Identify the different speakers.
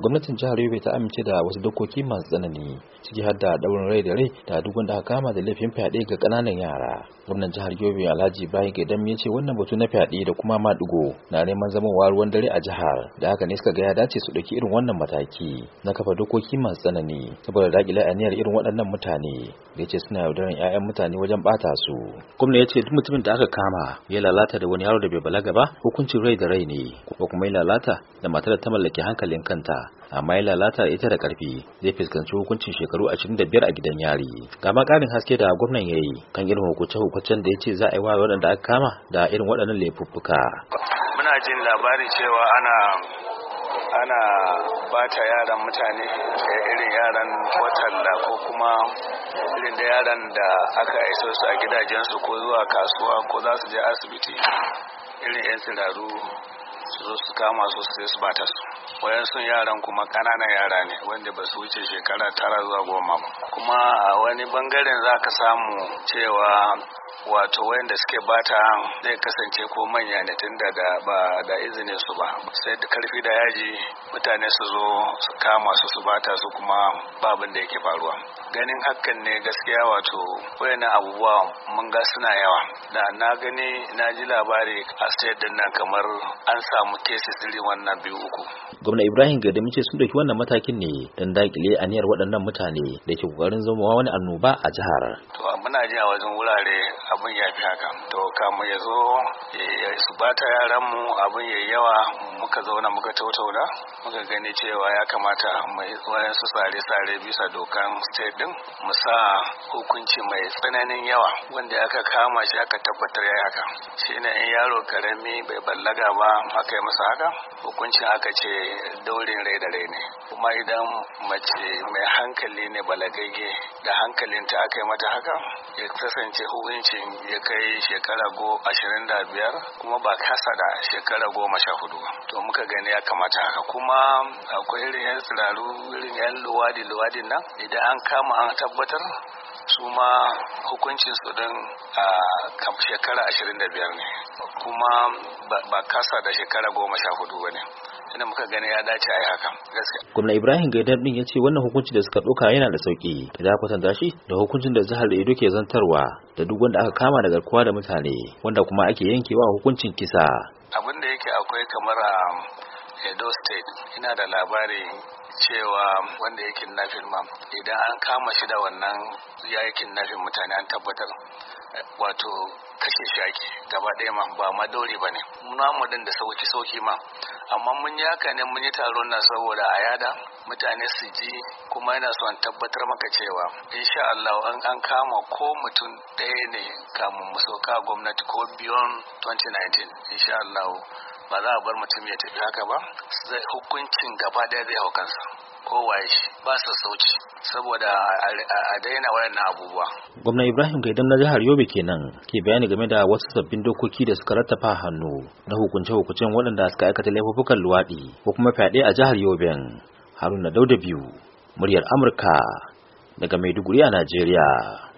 Speaker 1: gwamnatin jihar yobe ta amince da wasu dokoki masu tsanani ciki har da daurin rai da rai da duk wanda aka kama da laifin fyaɗe ga ƙananan yara gwamnan jihar yobe alhaji bayan gaidan ya ce wannan batu na fyaɗe da kuma maɗigo na neman zaman ruwan dare a jihar da haka ne suka ga ya dace su ɗauki irin wannan mataki na kafa dokoki masu tsanani saboda daƙile aniyar irin waɗannan mutane da ya ce suna yaudaran 'ya'yan mutane wajen ɓata su gwamna ya ce duk mutumin da aka kama ya lalata da wani yaro da bai balaga ba hukuncin rai da rai ne ko kuma ya lalata da matar ta mallaki hankalin kanta amma ya lalata ita da karfi zai fuskanci hukuncin shekaru 25 a gidan yari ga karin haske da gwamnan ya yi kan irin hukunce-hukuncen da ya ce za a yi wa waɗanda aka kama da irin waɗannan laifuffuka
Speaker 2: muna jin labari cewa ana ana bata yaran mutane irin yaran watalla ko kuma irin da yaran da aka iso su a gidajensu ko zuwa kasuwa ko za su je asibiti irin 'yan tsiraru su zo su kama su sai su bata su wayansu yaran kuma kananan yara ne wanda ba su wuce shekara tara zuwa goma ba kuma a wani bangaren za ka samu cewa wato wayanda suke bata zai kasance ko manya ne tun daga ba da izini su ba sai da karfi da yaji mutane su zo su kama su su bata su kuma babin da yake faruwa ganin hakan ne gaskiya wato wayannan abubuwa mun ga suna yawa da na gani na ji labari a state din nan kamar an samu cases irin wannan biyu uku
Speaker 1: gwamna ibrahim gadami ce sun dauki wannan matakin ne dan dakile aniyar waɗannan mutane da ke kokarin zama wani annoba a jihar
Speaker 2: to muna ji a wajen wurare abin ya fi haka to mu ya zo eh, su bata yaran mu abin ya yawa muka zauna muka tautauna muka gani cewa ya kamata mai wayan su sare-sare bisa dokan state din mu sa hukunci mai tsananin yawa wanda aka kama shi aka tabbatar ya haka shi na in yaro karami bai ballaga ba aka yi masa haka hukuncin aka ce daurin rai da rai ne kuma idan mace mai hankali ne balagagge da hankalinta aka yi mata haka ya kasance hukunci mutum ya kai shekara go ashirin da biyar kuma ba kasa da shekara goma sha hudu to muka gani ya kamata haka kuma akwai irin yan tsiraru irin yan luwadi luwadin nan idan an kama an tabbatar su ma hukuncin su din a shekara ashirin da biyar ne kuma ba kasa da shekara goma sha hudu ba ne ina muka gani ya dace a yi hakan gaskiya.
Speaker 1: Gwamna Ibrahim Gaidar din ya ce wannan hukunci da suka ɗauka yana da sauƙi idan aka kwatanta shi da hukuncin da jihar ido ke zantarwa da duk wanda aka kama da garkuwa da mutane wanda kuma ake yankewa hukuncin
Speaker 2: kisa. Abin da yake akwai kamar a um, Edo State ina da labari cewa wanda ya na ma idan an kama shi da wannan ya yi mutane an tabbatar wato kashe shaki gaba ɗaya ma ba ma daure ba ne namu din da sauki sauki ma amma mun yi haka ne mun yi taron na saboda a yada mutane su ji kuma yana son tabbatar maka cewa insha Allah an kama ko mutum ɗaya ne kamun mu sauka gwamnati ko biyon 2019 insha Allah ba za a bar mutum ya tafi haka ba hukuncin gaba ɗaya zai hau kansa kowace shi ba su sauci saboda a daina waɗannan abubuwa.
Speaker 1: Gwamna Ibrahim Gaidan na jihar Yobe kenan ke bayani game da wasu sabbin dokoki da suka rattafa hannu na hukunce-hukuncen waɗanda suka aikata laifukan luwaɗi ko kuma fyaɗe a jihar Yobe Haruna Dauda biyu, muryar Amurka daga Maiduguri a Najeriya.